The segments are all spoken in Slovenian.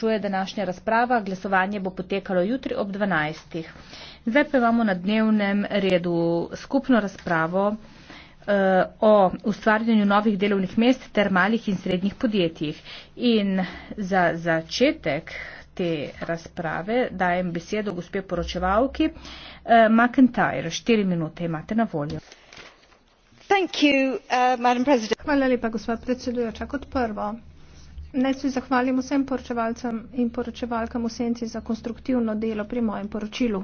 Končuje današnja razprava, glasovanje bo potekalo jutri ob 12. Zdaj pa imamo na dnevnem redu skupno razpravo eh, o ustvarjanju novih delovnih mest ter malih in srednjih podjetjih. In za začetek te razprave dajem besedo gospe poročevalki uh, McIntyre. Štiri minute imate na voljo. Thank you, uh, Hvala lepa, gospod predsedujoča. Kot prvo, Naj se zahvalim vsem poročevalcem in poročevalkam v senci za konstruktivno delo pri mojem poročilu.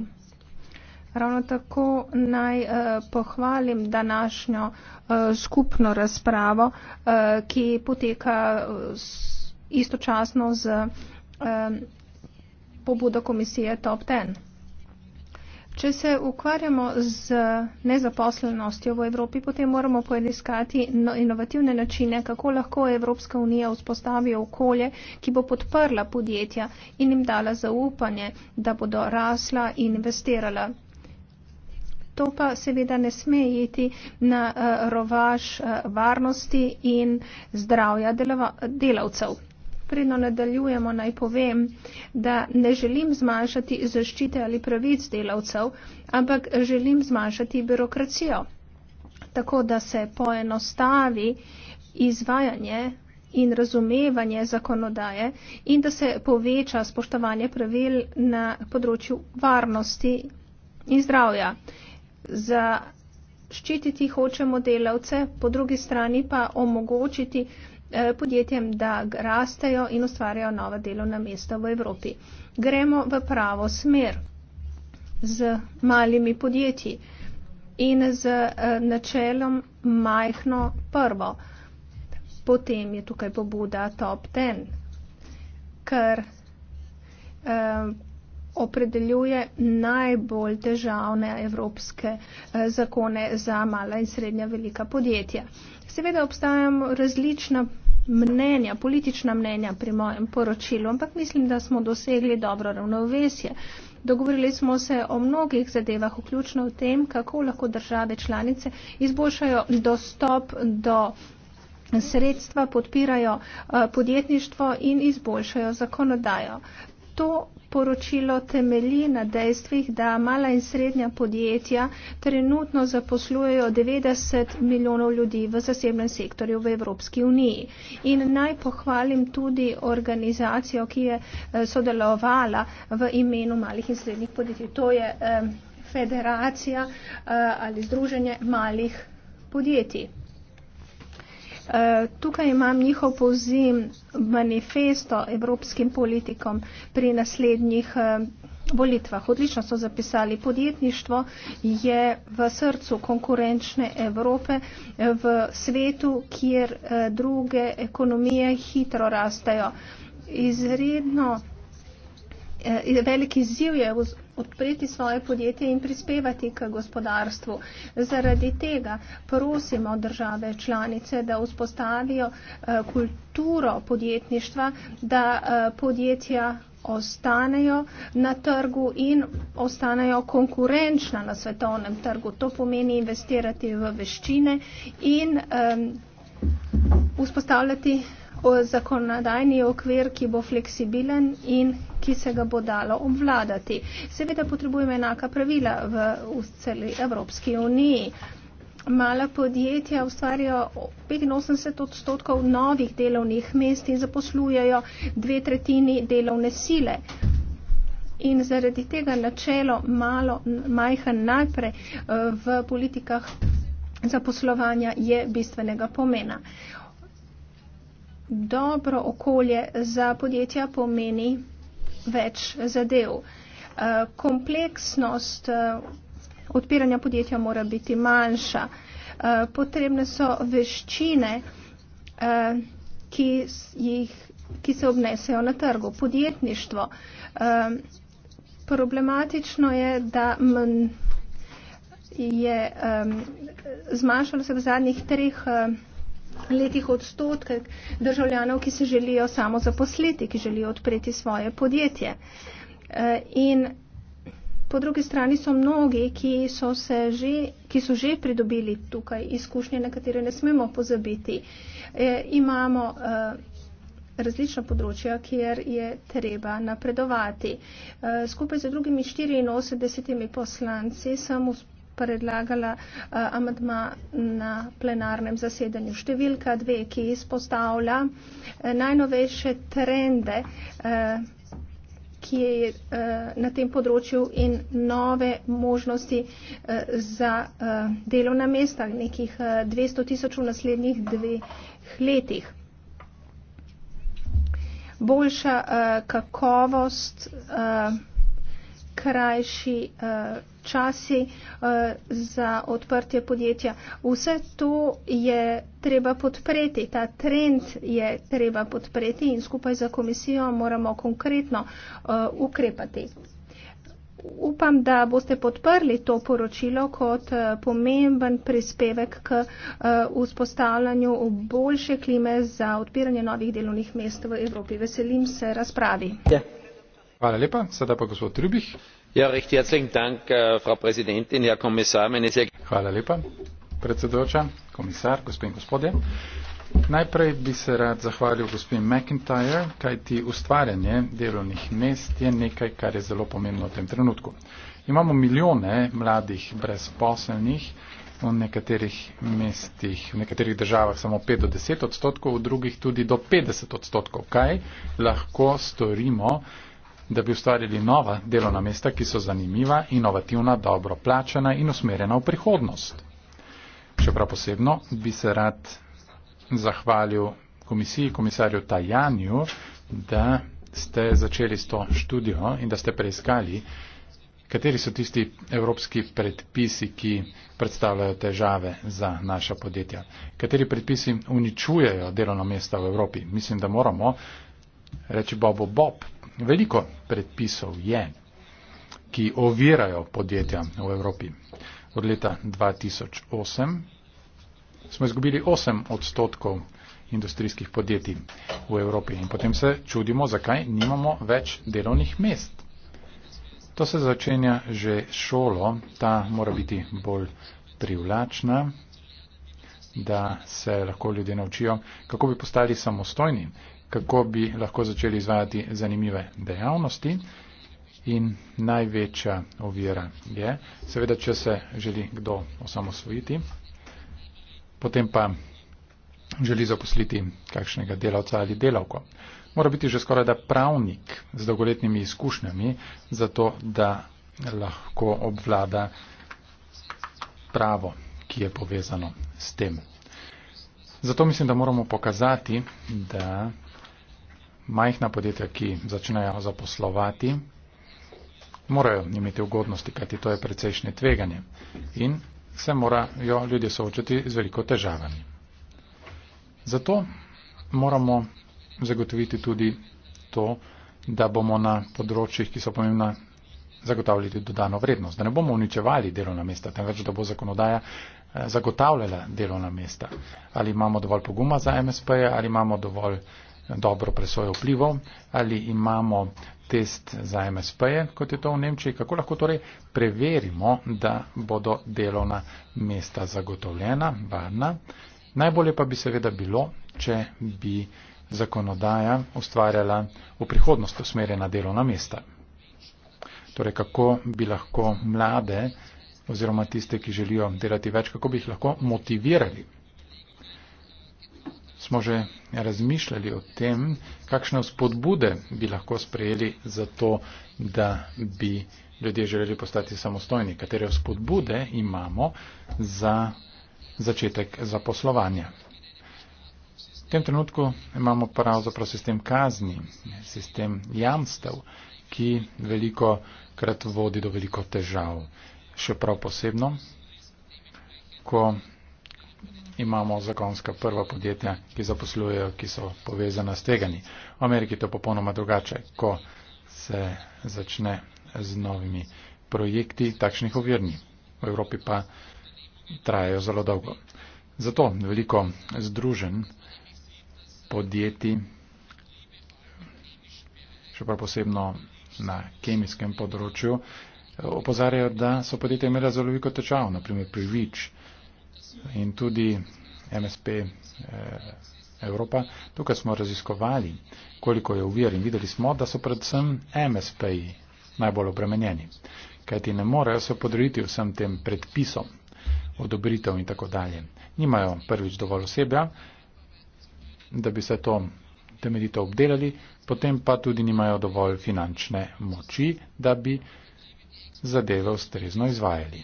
Ravno tako naj eh, pohvalim današnjo eh, skupno razpravo, eh, ki poteka eh, istočasno z eh, pobudo komisije Top 10. Če se ukvarjamo z nezaposlenostjo v Evropi, potem moramo poiskati no-, inovativne načine, kako lahko Evropska unija vzpostavi okolje, ki bo podprla podjetja in jim dala zaupanje, da bodo rasla in investirala. To pa seveda ne sme iti na eh, rovaž eh, varnosti in zdravja delavcev. Predno nadaljujemo, naj povem, da ne želim zmanjšati zaščite ali pravic delavcev, ampak želim zmanjšati birokracijo, tako da se poenostavi izvajanje in razumevanje zakonodaje in da se poveča spoštovanje pravil na področju varnosti in zdravja. Zaščititi hočemo delavce, po drugi strani pa omogočiti, Eh, podjetjem, da rastejo in ustvarjajo nova delovna mesta v Evropi. Gremo v pravo smer z malimi podjetji in z eh, načelom majhno prvo. Potem je tukaj pobuda top ten, ker eh, opredeljuje najbolj težavne evropske eh, zakone za mala in srednja velika podjetja. Seveda obstajajo različna mnenja, politična mnenja pri mojem poročilu, ampak mislim, da smo dosegli dobro ravnovesje. Dogovorili smo se o mnogih zadevah, vključno o tem, kako lahko države članice izboljšajo dostop do sredstva, podpirajo eh, podjetništvo in izboljšajo zakonodajo to poročilo temelji na dejstvih, da mala in srednja podjetja trenutno zaposlujejo 90 milijonov ljudi v zasebnem sektorju v Evropski uniji. In naj pohvalim tudi organizacijo, ki je eh, sodelovala v imenu malih in srednjih podjetij. To je eh, federacija eh, ali združenje malih podjetij. Tukaj imam njihov povzim manifesto evropskim politikom pri naslednjih eh, volitvah. Odlično so zapisali, podjetništvo je v srcu konkurenčne Evrope v svetu, kjer eh, druge ekonomije hitro rastejo. Izredno eh, velik izziv je odpreti svoje podjetje in prispevati k gospodarstvu. Zaradi tega prosimo države članice, da vzpostavijo eh, kulturo podjetništva, da eh, podjetja ostanejo na trgu in ostanejo konkurenčna na svetovnem trgu. To pomeni investirati v veščine in um, vzpostavljati zakonodajni okvir, ki bo fleksibilen in ki se ga bo dalo obvladati. Seveda potrebujemo enaka pravila v, v celi Evropski uniji. Mala podjetja ustvarjajo 85 odstotkov novih delovnih mest in zaposlujejo dve tretjini delovne sile. In zaradi tega načelo malo majhen najprej eh, v politikah zaposlovanja je bistvenega pomena dobro okolje za podjetja pomeni več zadev. Eh, kompleksnost eh, odpiranja podjetja mora biti manjša. Eh, potrebne so veščine, ki, jih, ki se obnesejo na trgu. Podjetništvo. Problematično je, da je zmanjšalo se v zadnjih treh letih odstotke državljanov, ki se želijo samo zaposliti, ki želijo odpreti svoje podjetje. Eh, in po drugi strani so mnogi, ki so, se že, ki so že pridobili tukaj izkušnje, na katere ne smemo pozabiti. Eh, imamo eh, različna področja, kjer je treba napredovati. Skupaj z drugimi 84 poslanci sem uspravljala predlagala uh, eh, amadma na plenarnem zasedanju. Številka dve, ki izpostavlja uh, najnovejše trende, uh, ki je uh, na tem področju in nove možnosti uh, za uh, delovna mesta, nekih uh, 200 tisoč v naslednjih dveh letih. Boljša uh, kakovost, uh, krajši uh, časi eh, za odprtje podjetja. Vse to je treba podpreti, ta trend je treba podpreti in skupaj za komisijo moramo konkretno eh, ukrepati. Upam, da boste podprli to poročilo kot eh, pomemben prispevek k vzpostavljanju boljše klime za odpiranje novih delovnih mest v Evropi. Veselim se razpravi. Hvala lepa. Sada pa gospod Trubih. Ja, recht herzlichen dank äh, frau präsidentin herr kommissar meine sehr geehrten najprej bi se rad zahvalil gospe mcintyre kajti ustvarjanje delovnih mest je nekaj kar je zelo pomembno v tem trenutku imamo milijone mladih brezposelnih v nekaterih mestih v nekaterih državah samo pet do deset odstotkov v drugih tudi do petdeset odstotkov kaj lahko storimo da bi ustvarili nova delovna mesta, ki so zanimiva, inovativna, dobro plačena in usmerjena v prihodnost. Še prav posebno bi se rad zahvalil komisiji, komisarju Tajanju, da ste začeli s to študijo in da ste preiskali, kateri so tisti evropski predpisi, ki predstavljajo težave za naša podjetja. Kateri predpisi uničujejo delovno mesto v Evropi. Mislim, da moramo reči Bobo Bob, Veliko predpisov je, ki ovirajo podjetja v Evropi. Od leta 2008 smo izgubili 8 odstotkov industrijskih podjetij v Evropi in potem se čudimo, zakaj nimamo več delovnih mest. To se začenja že šolo, ta mora biti bolj privlačna, da se lahko ljudje naučijo, kako bi postali samostojni kako bi lahko začeli izvajati zanimive dejavnosti. In največja ovira je, seveda, če se želi kdo osamosvojiti, potem pa želi zaposliti kakšnega delavca ali delavko. Mora biti že skoraj da pravnik z dolgoletnimi izkušnjami, zato da lahko obvlada pravo, ki je povezano s tem. Zato mislim, da moramo pokazati, da majhna podjetja, ki začnejo zaposlovati, morajo imeti ugodnosti, kajti to je precejšnje tveganje in se morajo ljudje soočati z veliko težavami. Zato moramo zagotoviti tudi to, da bomo na področjih, ki so pomembna, zagotavljati dodano vrednost, da ne bomo uničevali delovna mesta, temveč da bo zakonodaja eh, zagotavljala delovna mesta. Ali imamo dovolj poguma za MSP, ali imamo dovolj dobro presojo vplivov, ali imamo test za MSP-je, kot je to v Nemčiji, kako lahko torej preverimo, da bodo delovna mesta zagotovljena, varna. Najbolje pa bi seveda bilo, če bi zakonodaja ustvarjala v prihodnost usmerjena delovna mesta. Torej, kako bi lahko mlade oziroma tiste, ki želijo delati več, kako bi jih lahko motivirali smo že razmišljali o tem, kakšne spodbude bi lahko sprejeli za to, da bi ljudje želeli postati samostojni, katere spodbude imamo za začetek zaposlovanja. V tem trenutku imamo pravzaprav sistem kazni, sistem jamstev, ki veliko krat vodi do veliko težav. Še prav posebno, ko imamo zakonska prva podjetja, ki zaposlujejo, ki so povezana s tegani. V Ameriki je to popolnoma drugače, ko se začne z novimi projekti takšnih ovirni. V Evropi pa trajajo zelo dolgo. Zato veliko združen podjetij, še prav posebno na kemijskem področju, opozarjajo, da so podjetja imela zelo veliko težav, naprimer pri Vič in tudi MSP eh, Evropa. Tukaj smo raziskovali, koliko je uvir in videli smo, da so predvsem MSP-ji najbolj obremenjeni, kajti ne morejo se podrediti vsem tem predpisom, odobritev in tako dalje. Nimajo prvič dovolj osebja, da bi se to temeljito obdelali, potem pa tudi nimajo dovolj finančne moči, da bi zadeve ustrezno izvajali.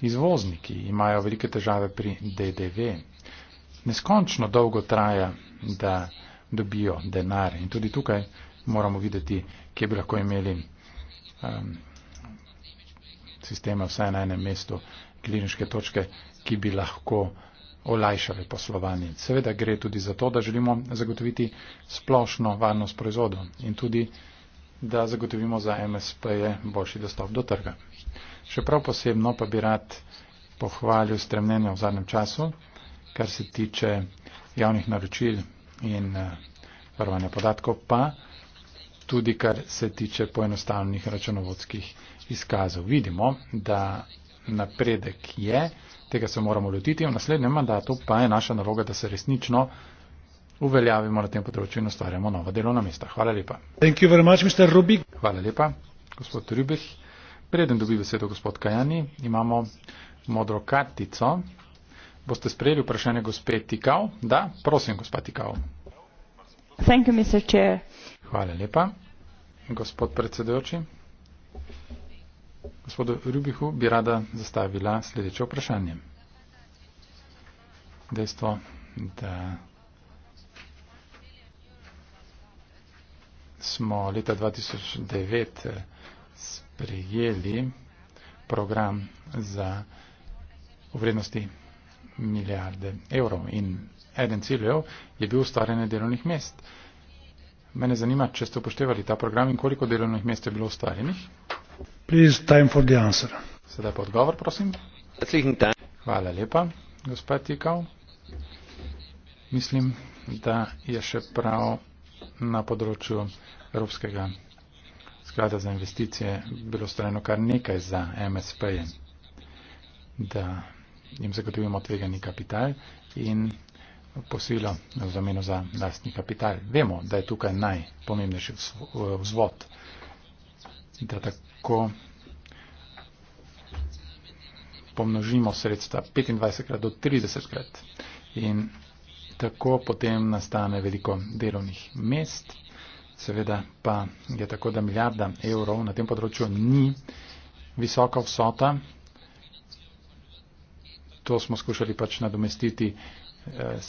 Izvozniki imajo velike težave pri DDV. Neskončno dolgo traja, da dobijo denar in tudi tukaj moramo videti, kje bi lahko imeli um, sisteme vsaj na enem mestu, kliniške točke, ki bi lahko olajšale poslovanje. Seveda gre tudi za to, da želimo zagotoviti splošno varnost proizvodov in tudi, da zagotovimo za MSP-je boljši dostop do trga. Še prav posebno pa bi rad pohvalil stremnenje v zadnjem času, kar se tiče javnih naročil in eh, varovanja podatkov, pa tudi kar se tiče poenostavnih računovodskih izkazov. Vidimo, da napredek je, tega se moramo lotiti v naslednjem mandatu, pa je naša naloga, da se resnično uveljavimo na tem področju in ustvarjamo nova delovna mesta. Hvala lepa. Hvala lepa, gospod Rubih. Preden dobi besedo gospod Kajani, imamo modro kartico. Boste sprejeli vprašanje gospe Tikal? Da, prosim, gospa Tikal. Hvala lepa. Gospod predsedujoči, gospodu Rubihu bi rada zastavila sledeče vprašanje. Dejstvo, da smo leta 2009 prijeli program za vrednosti milijarde evrov. In eden ciljev je bil ustvarjanje delovnih mest. Mene zanima, če ste upoštevali ta program in koliko delovnih mest je bilo ustvarjenih. Please, time for the answer. Sedaj pa odgovor, prosim. Hvala lepa, gospod Tikal. Mislim, da je še prav na področju evropskega sklada za investicije bilo storjeno kar nekaj za MSP-je, da jim zagotovimo tvegani kapital in posilo v zameno za lastni kapital. Vemo, da je tukaj najpomembnejši vzvod, da tako pomnožimo sredstva 25krat do 30krat in tako potem nastane veliko delovnih mest Seveda pa je tako, da milijarda evrov na tem področju ni visoka vsota. To smo skušali pač nadomestiti eh,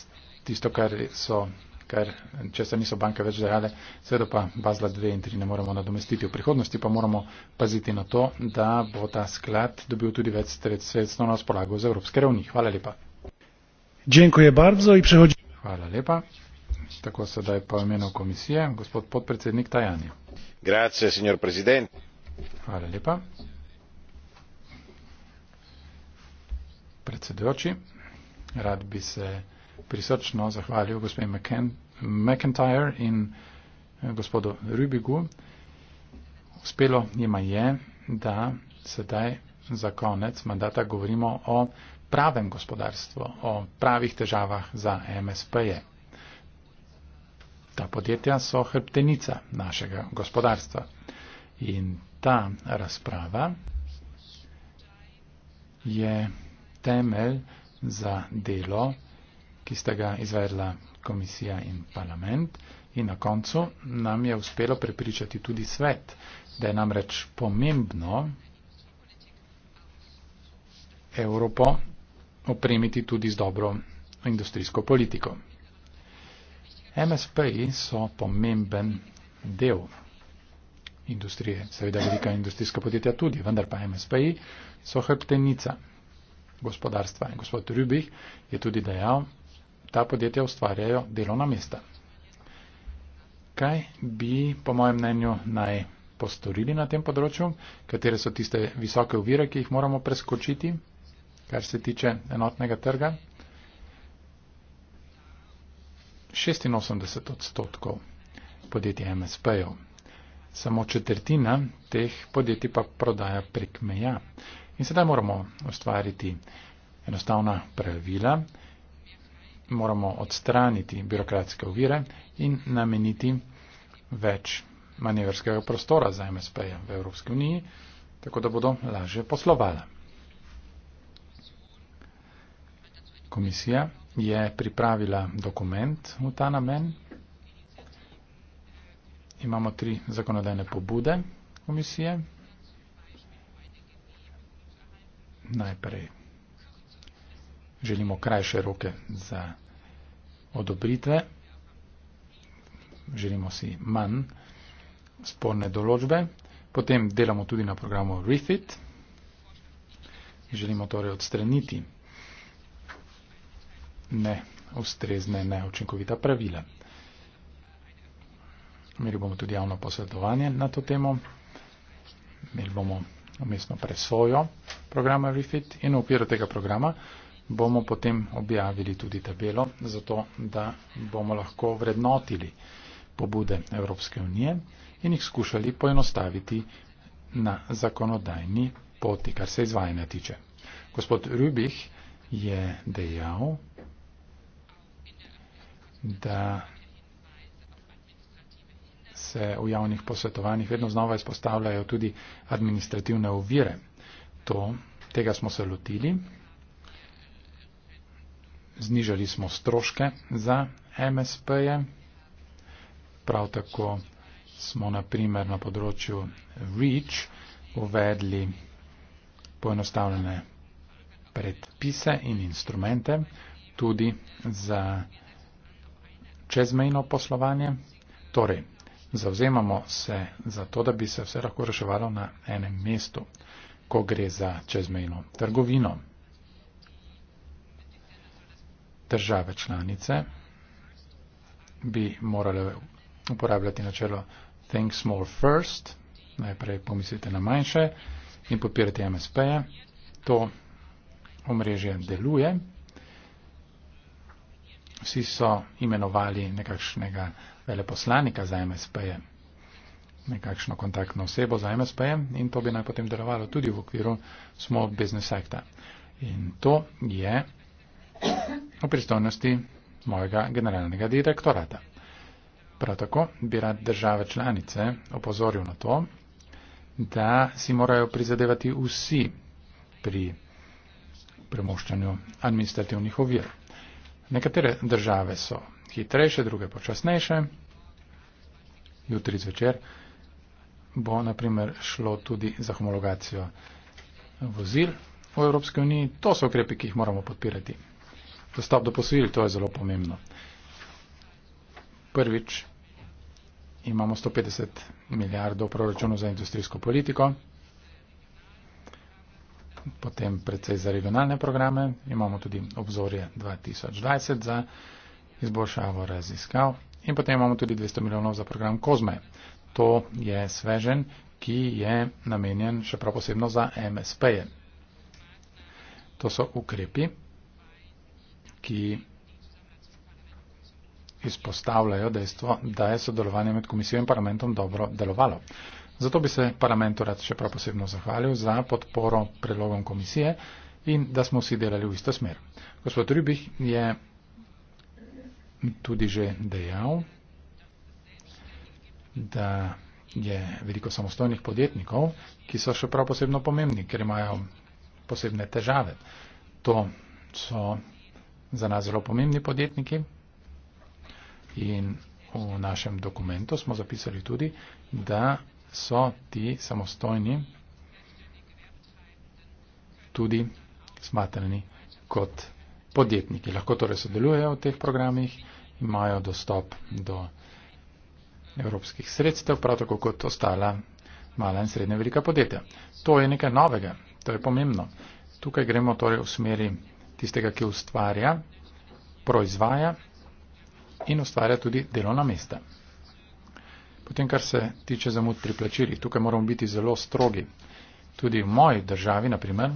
tisto, kar so, kar, če se niso banke več dajale, seveda pa bazla 2 in 3 ne moremo nadomestiti. V prihodnosti pa moramo paziti na to, da bo ta sklad dobil tudi več sredstv na razpolago z evropske ravni. Hvala lepa. Hvala lepa. Tako sedaj pa imeno komisije, gospod podpredsednik Tajani. Grazie, signor Presidente. Hvala lepa. Predsedujoči, rad bi se prisrčno zahvalil gospe McIntyre in eh, gospodu Rubigu. Uspelo njima je, da sedaj za konec mandata govorimo o pravem gospodarstvu, o pravih težavah za MSP-je. Ta podjetja so hrbtenica našega gospodarstva. In ta razprava je temelj za delo, ki sta ga izvedla komisija in parlament. In na koncu nam je uspelo prepričati tudi svet, da je namreč pomembno Evropo opremiti tudi z dobro industrijsko politiko. MSP-ji so pomemben del industrije, seveda velika industrijska podjetja tudi, vendar pa MSP-ji so hrbtenica gospodarstva. In gospod Rubih je tudi dejal, ta podjetja ustvarjajo delovna mesta. Kaj bi, po mojem mnenju, naj postorili na tem področju, katere so tiste visoke uvire, ki jih moramo preskočiti, kar se tiče enotnega trga. 86 odstotkov podjetij MSP-jev. Samo četrtina teh podjetij pa prodaja prek meja. In sedaj moramo ustvariti enostavna pravila, moramo odstraniti birokratske ovire in nameniti več manevrskega prostora za MSP-je v Evropski uniji, tako da bodo lažje poslovala. Komisija je pripravila dokument v ta namen. Imamo tri zakonodajne pobude komisije. Najprej želimo krajše roke za odobritve, želimo si manj sporne določbe, potem delamo tudi na programu REFIT, želimo torej odstraniti neustrezne, neučinkovita pravila. Imeli bomo tudi javno posvetovanje na to temo, imeli bomo umestno presojo programa Refit in v okviru tega programa bomo potem objavili tudi tabelo, zato da bomo lahko vrednotili pobude Evropske unije in jih skušali poenostaviti na zakonodajni poti, kar se izvajanja tiče. Gospod Rubih je dejal, da se v javnih posvetovanjih vedno znova izpostavljajo tudi administrativne ovire. To, tega smo se lotili. Znižali smo stroške za MSP-je. Prav tako smo naprimer na področju REACH uvedli poenostavljene predpise in instrumente tudi za čezmejno poslovanje. Torej, zavzemamo se za to, da bi se vse lahko reševalo na enem mestu, ko gre za čezmejno trgovino. Države članice bi morale uporabljati načelo Think Small First, najprej pomislite na manjše in podpirati MSP. -je. To omrežje deluje vsi so imenovali nekakšnega veleposlanika za MSP-je, nekakšno kontaktno osebo za MSP-je in to bi naj potem delovalo tudi v okviru Small Business Acta. In to je v pristojnosti mojega generalnega direktorata. Prav tako bi rad države članice opozoril na to, da si morajo prizadevati vsi pri premoščanju administrativnih ovir. Nekatere države so hitrejše, druge počasnejše. Jutri zvečer bo naprimer šlo tudi za homologacijo vozil v Evropske uniji. To so ukrepe, ki jih moramo podpirati. Dostop do posojil, to je zelo pomembno. Prvič imamo 150 milijardov proračunov za industrijsko politiko potem predvsej za regionalne programe, imamo tudi obzorje 2020 za izboljšavo raziskav in potem imamo tudi 200 milijonov za program Kozme. To je svežen, ki je namenjen še prav posebno za MSP-je. To so ukrepi, ki izpostavljajo dejstvo, da je sodelovanje med komisijo in parlamentom dobro delovalo. Zato bi se parlamentu rad še prav posebno zahvalil za podporo predlogom komisije in da smo vsi delali v isto smer. Gospod Rubih je tudi že dejal, da je veliko samostojnih podjetnikov, ki so še prav posebno pomembni, ker imajo posebne težave. To so za nas zelo pomembni podjetniki in v našem dokumentu smo zapisali tudi, da so ti samostojni tudi smatrani kot podjetniki. Lahko torej sodelujejo v teh programih, imajo dostop do evropskih sredstev, prav tako kot ostala mala in srednja velika podjetja. To je nekaj novega, to je pomembno. Tukaj gremo torej v smeri tistega, ki ustvarja, proizvaja in ustvarja tudi delovna mesta. Potem, kar se tiče zamud pri plačilih, tukaj moramo biti zelo strogi. Tudi v moji državi, naprimer,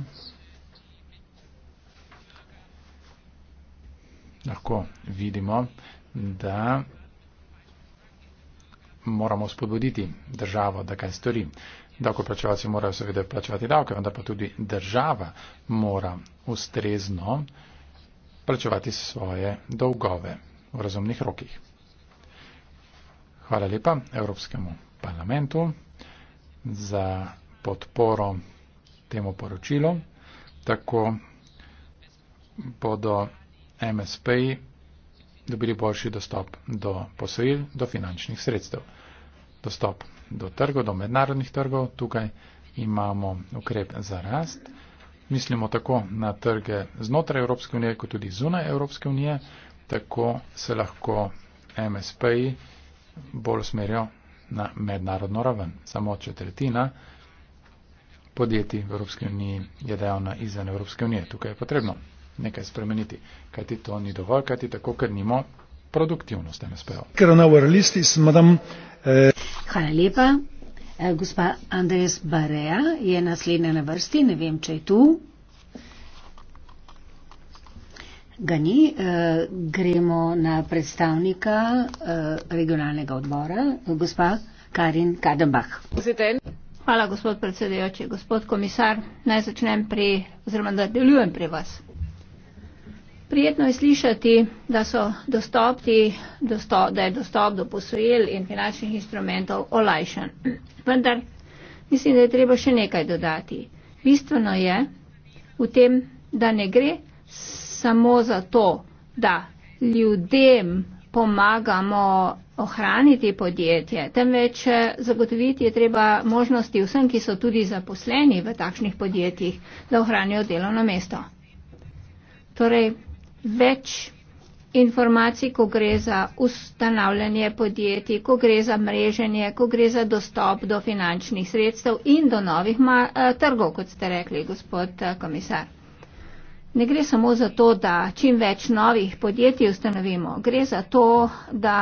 lahko vidimo, da moramo spodbuditi državo, da kaj stori. Davkoplačevalci morajo seveda plačevati davke, vendar pa tudi država mora ustrezno plačevati svoje dolgove v razumnih rokih. Hvala lepa Evropskemu parlamentu za podporo temu poročilu. Tako bodo MSP-ji dobili boljši dostop do posojil, do finančnih sredstev. Dostop do trgov, do mednarodnih trgov. Tukaj imamo ukrep za rast. Mislimo tako na trge znotraj Evropske unije, kot tudi zunaj Evropske unije. Tako se lahko MSP-ji bolj usmerjajo na mednarodno raven. Samo četrtina podjetij v Evropski uniji je dejavna izven Evropske unije. Tukaj je potrebno nekaj spremeniti, kajti to ni dovolj, kajti tako, ker nimo produktivnost MSP-ov. Hvala lepa. Eh, gospa Andres Bareja je naslednja na vrsti, ne vem, če je tu. Ga ni. Eh, gremo na predstavnika eh, regionalnega odbora, gospa Karin Kadenbach. Hvala, gospod predsedujoči. Gospod komisar, naj začnem pri, oziroma da delujem pri vas. Prijetno je slišati, da, dostop, da je dostop do posojil in finančnih instrumentov olajšan. Vendar mislim, da je treba še nekaj dodati. Bistveno je v tem, da ne gre samo zato, da ljudem pomagamo ohraniti podjetje, temveč eh, zagotoviti je treba možnosti vsem, ki so tudi zaposleni v takšnih podjetjih, da ohranijo delovno mesto. Torej, več informacij, ko gre za ustanavljanje podjetij, ko gre za mreženje, ko gre za dostop do finančnih sredstev in do novih eh, trgov, kot ste rekli, gospod eh, komisar. Ne gre samo za to, da čim več novih podjetij ustanovimo, gre za to, da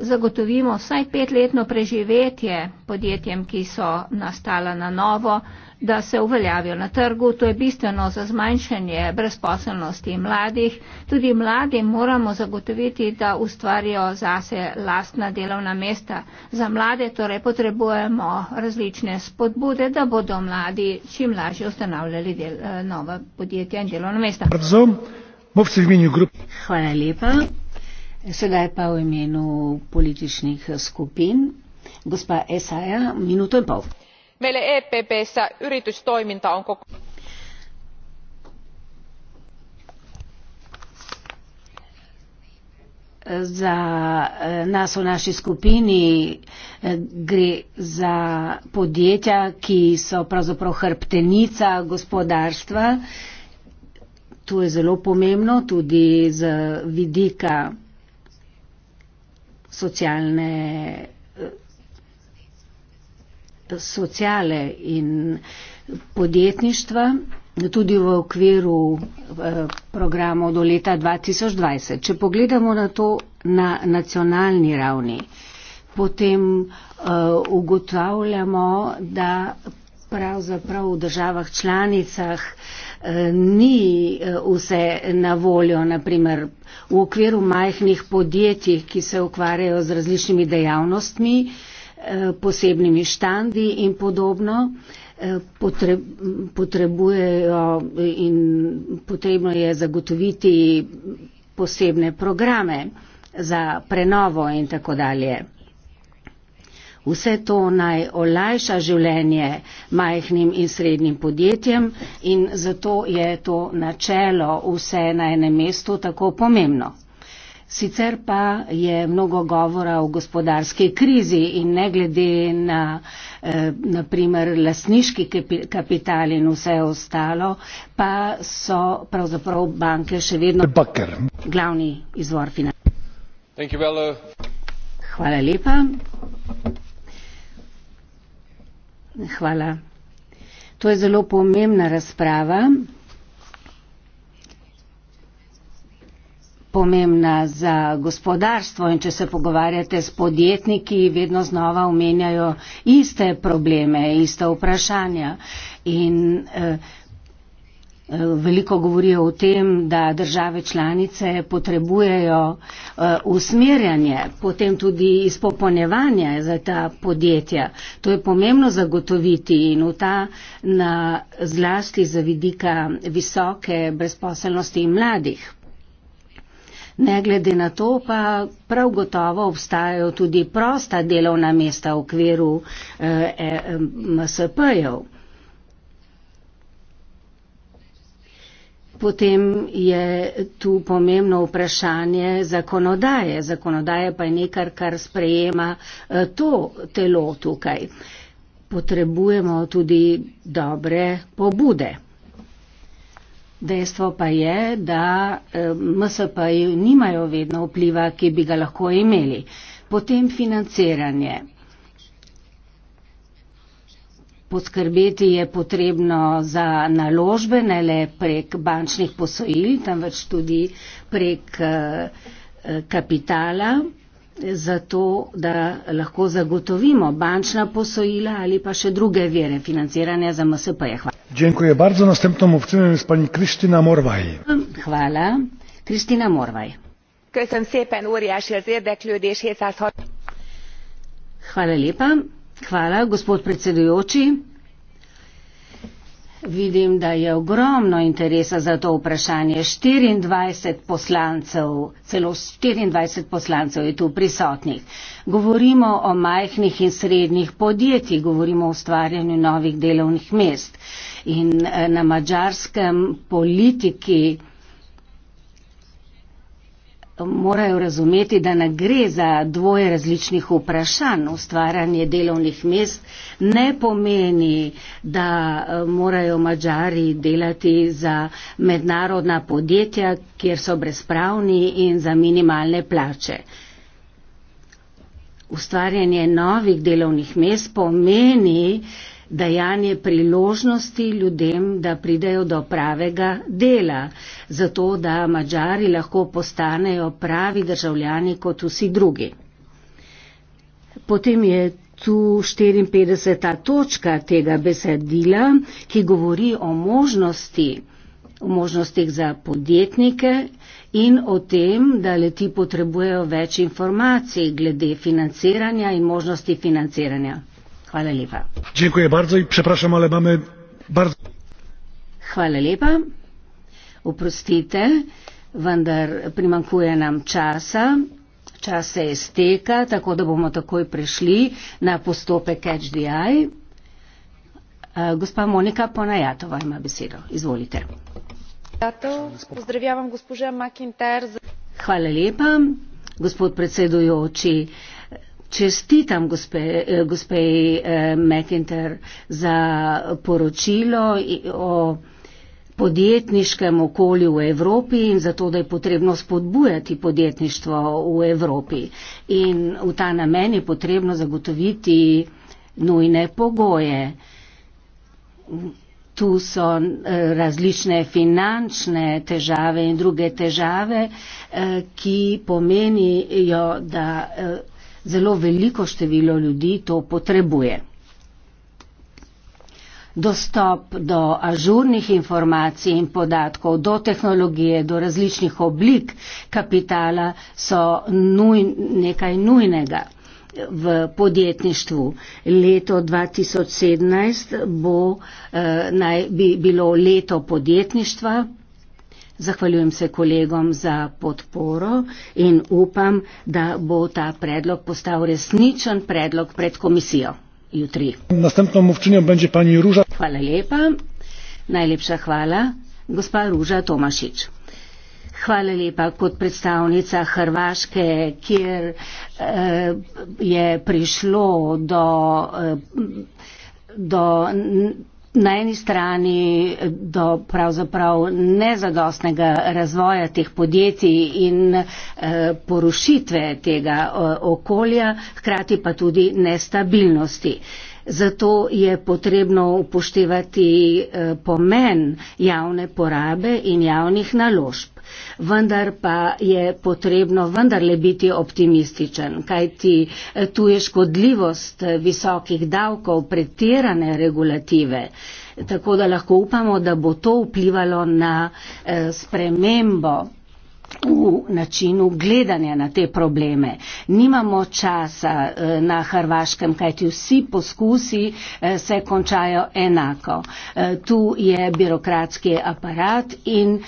zagotovimo vsaj petletno preživetje podjetjem, ki so nastala na novo, da se uveljavijo na trgu. To je bistveno za zmanjšanje brezposelnosti mladih. Tudi mladim moramo zagotoviti, da ustvarijo zase lastna delovna mesta. Za mlade torej potrebujemo različne spodbude, da bodo mladi čim lažje ustanavljali del, eh, nova podjetja in delovna mesta. Hvala lepa. Sedaj pa v imenu političnih skupin. Gospa Esaja, minuto in pol. Mele EPP-sa üritus toiminta on kok... Za eh, nas v naši skupini eh, gre za podjetja, ki so pravzaprav hrbtenica gospodarstva. To je zelo pomembno tudi z vidika socialne sociale in podjetništva, tudi v okviru eh, programov do leta 2020. Če pogledamo na to na nacionalni ravni, potem eh, ugotavljamo, da pravzaprav v državah članicah uh, Eh, ni eh, vse na voljo, naprimer v okviru majhnih podjetij, ki se ukvarjajo z različnimi dejavnostmi, eh, posebnimi štandi in podobno, potrebujejo in potrebno je zagotoviti posebne programe za prenovo in tako dalje. Vse to naj olajša življenje majhnim in srednjim podjetjem in zato je to načelo vse na enem mestu tako pomembno. Sicer pa je mnogo govora o gospodarski krizi in ne glede na eh, naprimer lasniški kapital in vse ostalo, pa so pravzaprav banke še vedno Bakker. glavni izvor financiranja. Hvala lepa. Hvala. To je zelo pomembna razprava. pomembna za gospodarstvo in če se pogovarjate s podjetniki, vedno znova omenjajo iste probleme, iste vprašanja. In eh, Veliko govorijo o tem, da države članice potrebujejo eh, usmerjanje, potem tudi izpopolnjevanje za ta podjetja. To je pomembno zagotoviti in v ta na zlasti za vidika visoke brezposelnosti in mladih. Ne glede na to pa prav gotovo obstajajo tudi prosta delovna mesta v okviru eh, eh, MSP-jev. Potem je tu pomembno vprašanje zakonodaje. Zakonodaja pa je nekaj, kar sprejema eh, to telo tukaj. Potrebujemo tudi dobre pobude. Dejstvo pa je, da eh, MSP-ji nimajo vedno vpliva, ki bi ga lahko imeli. Potem financiranje. Poskrbeti je potrebno za naložbe, ne le prek bančnih posojil, temveč tudi prek eh, eh, kapitala, zato da lahko zagotovimo bančna posojila ali pa še druge vire financiranja za MSP. Hvala. Hvala. Kristina Morvaj. Hvala lepa. Hvala, gospod predsedujoči. Vidim, da je ogromno interesa za to vprašanje. 24 poslancev, celo 24 poslancev je tu prisotnih. Govorimo o majhnih in srednjih podjetjih, govorimo o ustvarjanju novih delovnih mest. In eh, na mačarskem politiki morajo razumeti, da ne gre za dvoje različnih vprašanj. Ustvarjanje delovnih mest ne pomeni, da eh, morajo mačari delati za mednarodna podjetja, kjer so brezpravni in za minimalne plače. Ustvarjanje novih delovnih mest pomeni, da dajanje priložnosti ljudem, da pridejo do pravega dela, zato da Mačari lahko postanejo pravi državljani kot vsi drugi. Potem je tu 54. točka tega besedila, ki govori o možnosti, o možnostih za podjetnike in o tem, da leti potrebujejo več informacij glede financiranja in možnosti financiranja. Hvala lepa. Dziękuję bardzo i przepraszam, ale mamy bardzo. Hvala lepa. Oprostite, vendar primankuje nam časa. Čas se je steka, tako da bomo takoj prišli na postopek HDI. Gospa Monika Ponajatova ima besedo. Izvolite. Hvala lepa, gospod predsedujoči. Čestitam gospe, eh, gospe eh, Mekinter za poročilo o podjetniškem okolju v Evropi in zato, da je potrebno spodbujati podjetništvo v Evropi. In v ta namen je potrebno zagotoviti nujne pogoje. Tu so eh, različne finančne težave in druge težave, ki pomenijo, da zelo veliko število ljudi to potrebuje. Dostop do ažurnih informacij in podatkov, do tehnologije, do različnih oblik kapitala so nuj, nekaj nujnega v podjetništvu. Leto 2017 bo, eh, naj bi bilo leto podjetništva. Zahvaljujem se kolegom za podporo in upam, da bo ta predlog postal resničen predlog pred komisijo jutri. Hvala lepa. Najlepša hvala, gospa Ruža Tomašič. Hvala lepa kot predstavnica Hrvaške, kjer eh, je prišlo do. Eh, do na eni strani do pravzaprav nezadostnega razvoja teh podjetij in eh, porušitve tega eh, okolja, hkrati pa tudi nestabilnosti. Zato je potrebno upoštevati eh, pomen javne porabe in javnih naložb. Vendar pa je potrebno vendarle biti optimističen, kajti eh, tu je škodljivost eh, visokih davkov, pretirane regulative. Tako da lahko upamo, da bo to vplivalo na spremembo v načinu gledanja na te probleme. Nimamo časa eh, na Hrvaškem, kajti vsi poskusi eh, se končajo enako. Eh, tu je birokratski aparat in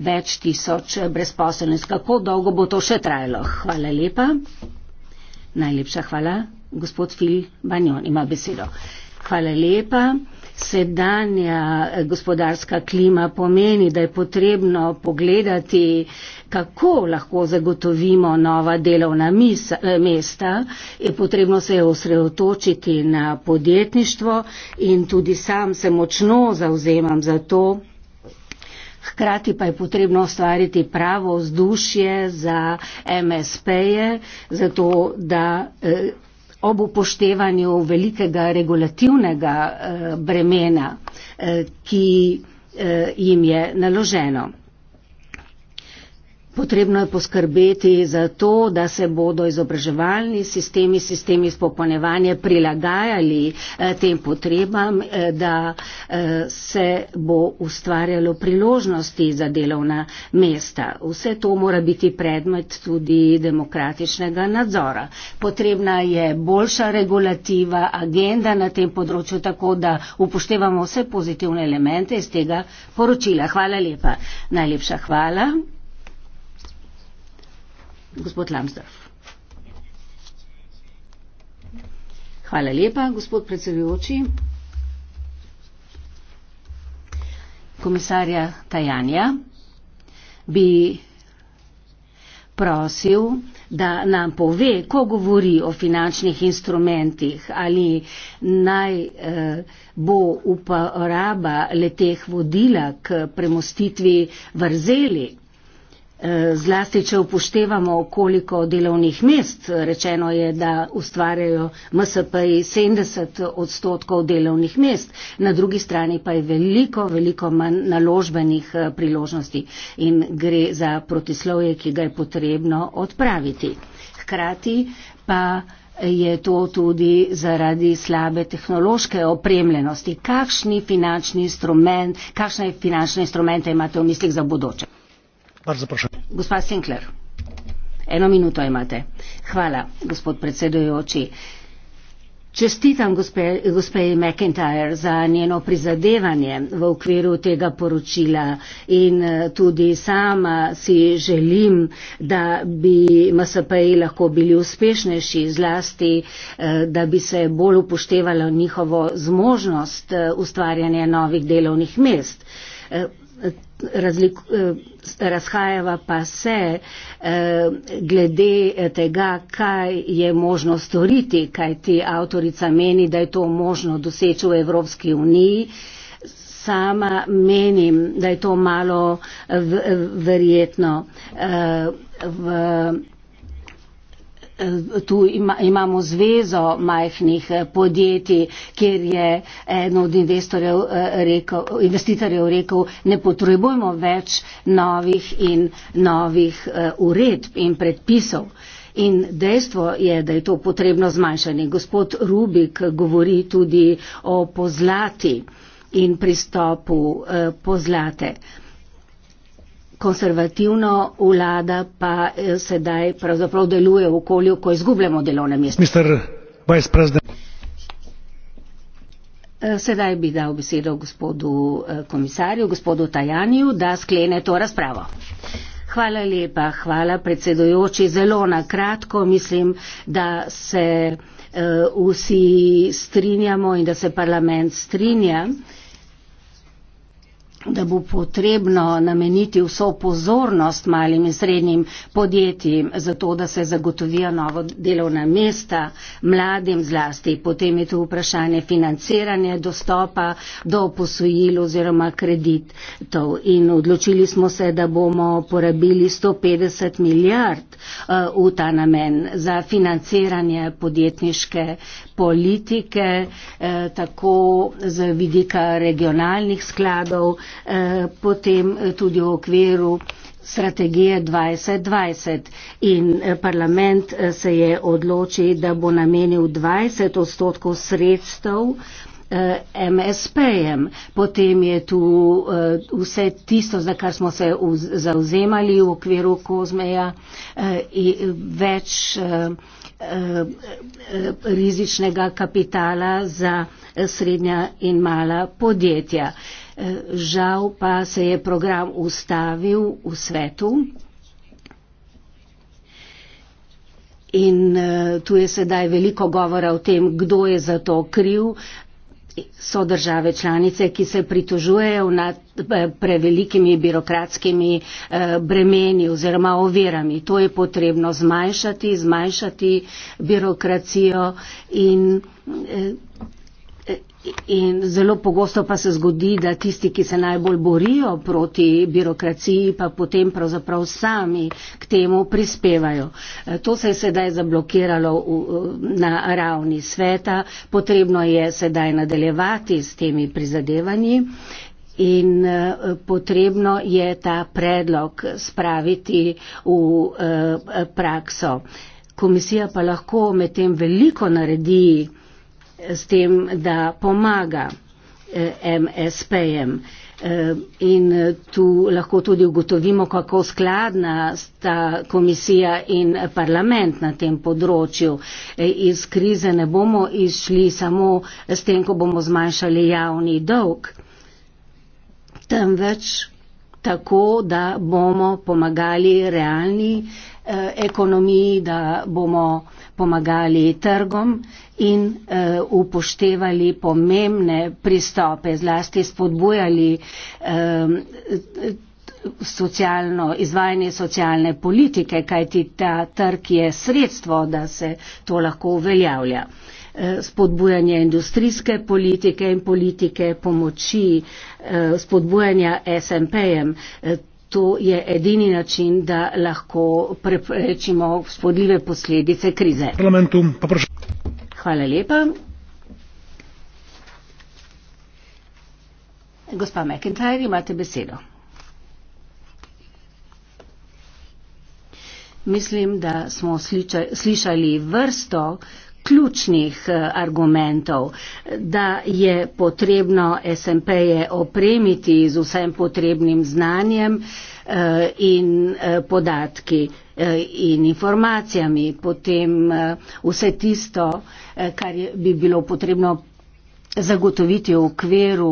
več tisoč brezposelnic. Kako dolgo bo to še trajalo? Hvala lepa. Najlepša hvala. Gospod Fil Banjon ima besedo. Hvala lepa sedanja eh, gospodarska klima pomeni, da je potrebno pogledati, kako lahko zagotovimo nova delovna eh, mesta. Je potrebno se osredotočiti na podjetništvo in tudi sam se močno zauzemam za to. Hkrati pa je potrebno ustvariti pravo vzdušje za MSP-je, zato da. Eh, ob upoštevanju velikega regulativnega eh, bremena, eh, ki eh, jim je naloženo. Potrebno je poskrbeti za to, da se bodo izobraževalni sistemi, sistemi izpopolnjevanja prilagajali eh, tem potrebam, eh, da eh, se bo ustvarjalo priložnosti za delovna mesta. Vse to mora biti predmet tudi demokratičnega nadzora. Potrebna je boljša regulativa, agenda na tem področju, tako da upoštevamo vse pozitivne elemente iz tega poročila. Hvala lepa. Najlepša hvala gospod Lambsdorff. Hvala lepa, gospod predsedujoči. Komisarja Tajanja bi prosil, da nam pove, ko govori o finančnih instrumentih, ali naj eh, bo uporaba leteh vodila k premostitvi vrzeli zlasti, če upoštevamo, koliko delovnih mest, rečeno je, da ustvarjajo MSP-ji 70 odstotkov delovnih mest, na drugi strani pa je veliko, veliko manj naložbenih eh, priložnosti in gre za protislovje, ki ga je potrebno odpraviti. Hkrati pa je to tudi zaradi slabe tehnološke opremljenosti. Kakšni finančni instrument, kakšne finančne instrumente imate v mislih za bodoče? Gospa Sinkler, eno minuto imate. Hvala, gospod predsedujoči. Čestitam gospeji McIntyre za njeno prizadevanje v okviru tega poročila in eh, tudi sama si želim, da bi MSP-ji lahko bili uspešnejši, zlasti, eh, da bi se bolj upoštevalo njihovo zmožnost eh, ustvarjanja novih delovnih mest. Razlik, eh, razhajava pa se eh, glede eh, tega, kaj je možno storiti, kaj ti avtorica meni, da je to možno doseči v Evropski uniji. Sama menim, da je to malo v, verjetno. Eh, v, tu ima, imamo zvezo majhnih eh, podjetij, kjer je en od investitorjev eh, rekel, investitorjev rekel, ne potrebujemo več novih in novih eh, uredb in predpisov. In dejstvo je, da je to potrebno zmanjšanje. Gospod Rubik govori tudi o pozlati in pristopu pozlate konservativno vlada pa eh, sedaj pravzaprav deluje v okolju, ko izgubljamo delovne mesta. Eh, sedaj bi dal besedo gospodu eh, komisarju, gospodu Tajaniju, da sklene to razpravo. Hvala lepa, hvala predsedujoči. Zelo na kratko mislim, da se uh, vsi strinjamo in da se parlament strinja da bo potrebno nameniti vso pozornost malim in srednjim podjetjem, zato da se zagotovijo novo delovna mesta mladim zlasti. Potem je tu vprašanje financiranja dostopa do posojil oziroma kreditov. In odločili smo se, da bomo porabili 150 milijard uh, v ta namen za financiranje podjetniške politike, eh, tako z vidika regionalnih skladov, eh, potem eh, tudi v okviru strategije 2020 in parlament se je odločil, da bo namenil 20 odstotkov sredstev MSP-jem. Potem je tu vse tisto, za kar smo se zauzemali v okviru Kozmeja, več Eh, rizičnega kapitala za eh, srednja in mala podjetja. Eh, žal pa se je program ustavil v svetu in tu je sedaj veliko govora o tem, kdo je za to kriv. So države članice, ki se pritožujejo nad eh, prevelikimi birokratskimi eh, bremeni oziroma ovirami. To je potrebno zmanjšati, zmanjšati birokracijo in eh, In zelo pogosto pa se zgodi, da tisti, ki se najbolj borijo proti birokraciji, pa potem pravzaprav sami k temu prispevajo. E, to se je sedaj zablokiralo na ravni sveta, potrebno je sedaj nadaljevati s temi prizadevanji in e, potrebno je ta predlog spraviti v e, prakso. Komisija pa lahko medtem veliko naredi, s tem, da pomaga eh, MSP-jem. Eh, in eh, tu lahko tudi ugotovimo, kako skladna sta komisija in parlament na tem področju. Iz krize ne bomo išli samo s tem, ko bomo zmanjšali javni dolg, temveč tako, da bomo pomagali realni eh, Eh, ekonomiji, da bomo pomagali trgom in uh, upoštevali pomembne pristope, zlasti spodbujali um, socialno, izvajanje socialne politike, kajti ta trg je sredstvo, da se to lahko uveljavlja. Uh, spodbujanje industrijske politike in politike pomoči, uh, spodbujanja SMP-jem. Uh, To je edini način, da lahko preprečimo spodljive posledice krize. Hvala lepa. Gospa McIntyre, imate besedo. Mislim, da smo sliča, slišali vrsto ključnih eh, argumentov, da je potrebno SMP-je opremiti z vsem potrebnim znanjem eh, in eh, podatki in informacijami, potem vse tisto, kar bi bilo potrebno zagotoviti v okviru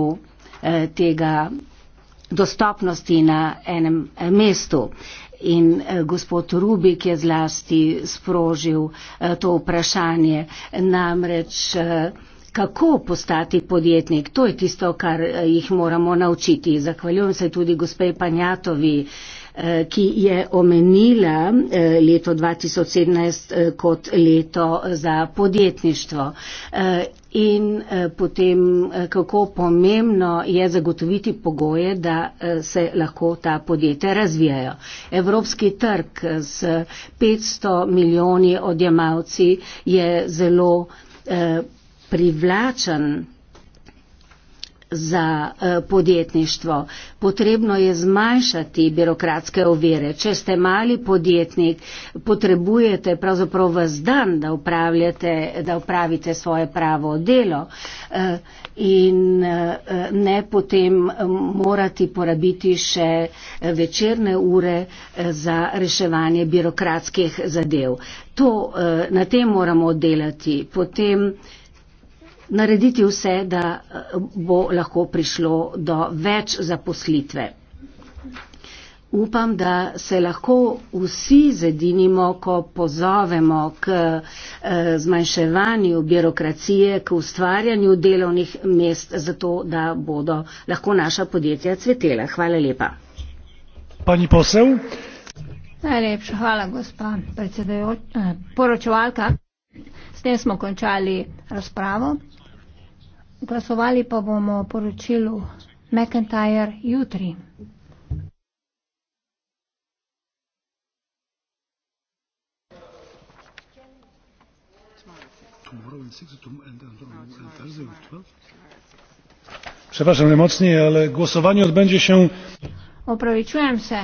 tega dostopnosti na enem mestu. In eh, gospod Rubik je zlasti sprožil eh, to vprašanje. Namreč, eh, kako postati podjetnik, to je tisto, kar jih moramo naučiti. Zahvaljujem se tudi gospej Panjatovi, ki je omenila leto 2017 kot leto za podjetništvo in eh, potem, eh, kako pomembno je zagotoviti pogoje, da eh, se lahko ta podjetja razvijajo. Evropski trg z 500 milijoni odjemalci je zelo privlačen za eh, podjetništvo. Potrebno je zmanjšati birokratske ovire. Če ste mali podjetnik, potrebujete pravzaprav vas dan, da, da upravite svoje pravo delo eh, in eh, ne potem morati porabiti še večerne ure za reševanje birokratskih zadev. To, na tem moramo delati. Potem narediti vse, da eh, bo lahko prišlo do več zaposlitve. Upam, da se lahko vsi zedinimo, ko pozovemo k eh, zmanjševanju birokracije, k ustvarjanju delovnih mest, zato da bodo lahko naša podjetja cvetela. Hvala lepa. Pani posel. Najlepša hvala, gospa predsedujoča, eh, poročevalka. S tem smo končali razpravo glasovali pa bomo o poročilu McIntyre jutri. Przepraszam najmocniej, ale głosowanie odbędzie się. Opravičujem se.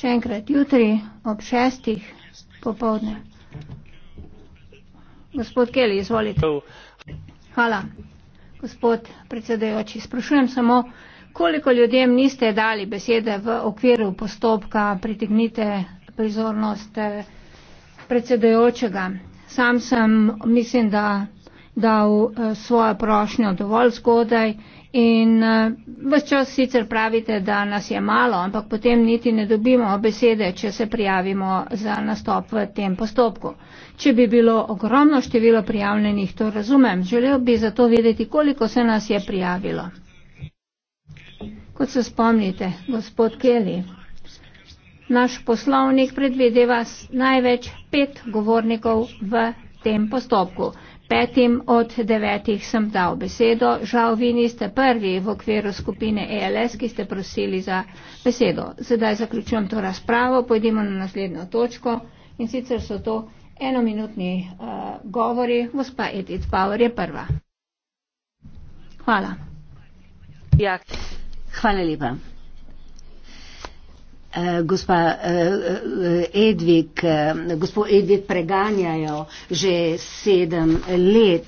Še enkrat jutri ob šestih popovdne. Gospod Kelly, izvolite. Hvala. Gospod predsedujoči, sprašujem samo, koliko ljudem niste dali besede v okviru postopka, pritegnite prizornost eh, predsedujočega. Sam sem, mislim, da dal eh, svojo prošnjo dovolj zgodaj in eh, vse čas sicer pravite, da nas je malo, ampak potem niti ne dobimo besede, če se prijavimo za nastop v tem postopku. Če bi bilo ogromno število prijavljenih, to razumem. Želel bi zato vedeti, koliko se nas je prijavilo. Kot se spomnite, gospod Keli, naš poslovnik predvideva največ pet govornikov v tem postopku petim od devetih sem dal besedo. Žal, vi niste prvi v okviru skupine ELS, ki ste prosili za besedo. Sedaj zaključujem to razpravo, pojdimo na naslednjo točko in sicer so to enominutni uh, govori. Gospa Edith Power je prva. Hvala. Ja. Hvala lepa. Eh, gospa eh, eh, Edvik, gospod Edvik preganjajo že sedem let.